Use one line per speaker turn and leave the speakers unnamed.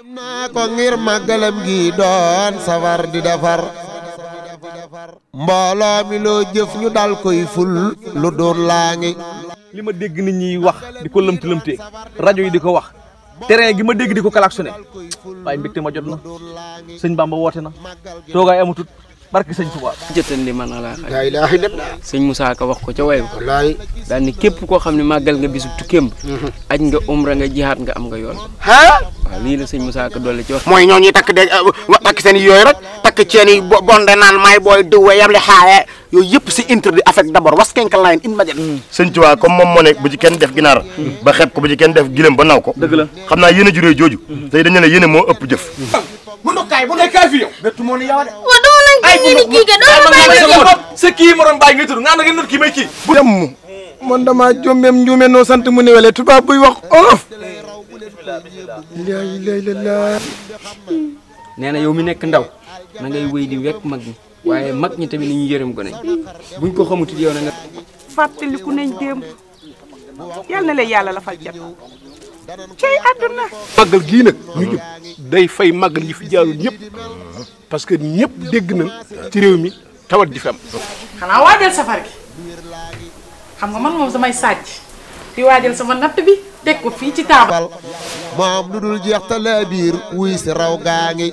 naa ko ngir màggalam gi doon safar di defar
mbooloo mi loo jëf ñu dal koy ful lu doon laa ngi li ma dégg ni ñi wax di ko lëmti lëmte rajo yi di ko wax terrain gi ma dégg di ko klaxonné waaye mbégte ma jot na sëñ Bamba woote na toogaay amatut barke sëñ Tuubaa jëtan li man alaa xay laa ilaaha illallaah sëñ Moussa Ka wax ko ca wayu wallaay daal ni képp
koo xam ne màggal nga bisub tukkeem mhm. aj nga umra nga jihaat nga am nga yoon ah waaw la sëñ Moussa Ka doole ci wax mooy ñoo takk de eh, takk seen yooyu bonde naan may
booy dëwwe yam li xaare yooyu yëpp si interdit avec d'abord was kenka layen in majet mm. sëñ Tuubaa comme moom moo bu ci def ginaar mm. ba xeeb ko bu ci kenn def giléem ba naw ko xam naa yéen a juree jooju mm. tey dañu ne yéen a moo ëpp jëf
ay sa kii ma doon nga
tudd nga na ngeen kii may kii jàmm man dama jombeem njuume noo sant mu ne wele tubaab buy wax olof
laa ilaaha
illallaah nee na yow mi nekk ndaw na ngay wéy di wekk mag ñi waaye mag ñi tamit ni ñu yërëm gone buñ ko xamut yow na nga fàttaliku nañ démb yal na leen yàlla la fal cat
cey àdduna màggal gii nag day fay màggal yi fi jaarul ñëpp parce que ñëpp dégg nañ ci réew mi tawat ji fi
xanaa waajal safar gi xam nga man moom samay sàcc di waajal sama natt bi teg ko fii ci taabal.
maam lu dul jeex talaa
wuy si raw gaa ngi